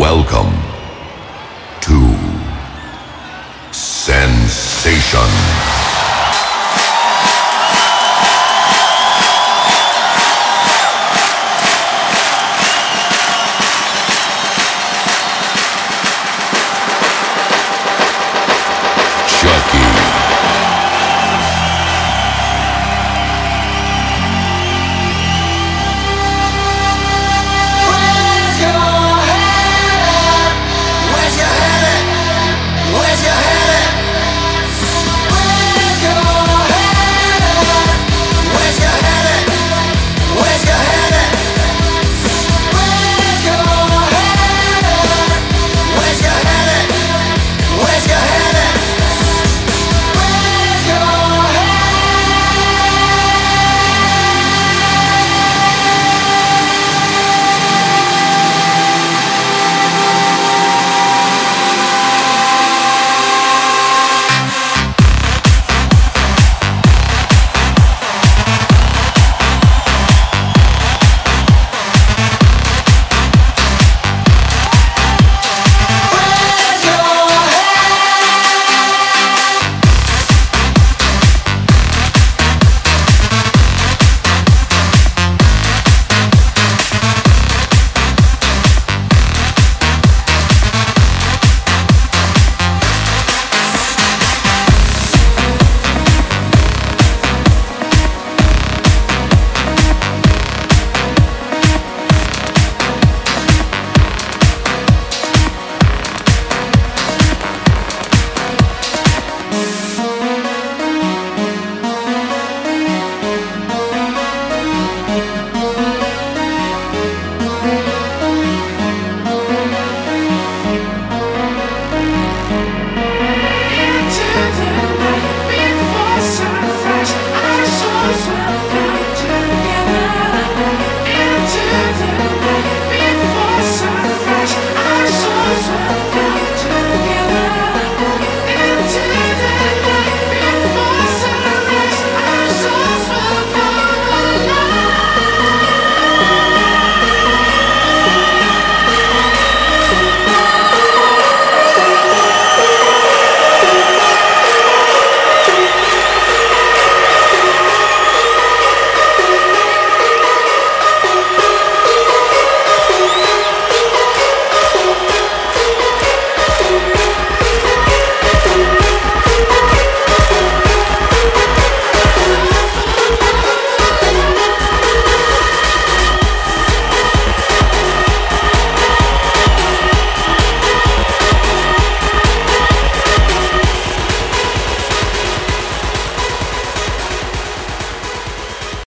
Welcome to Sensation.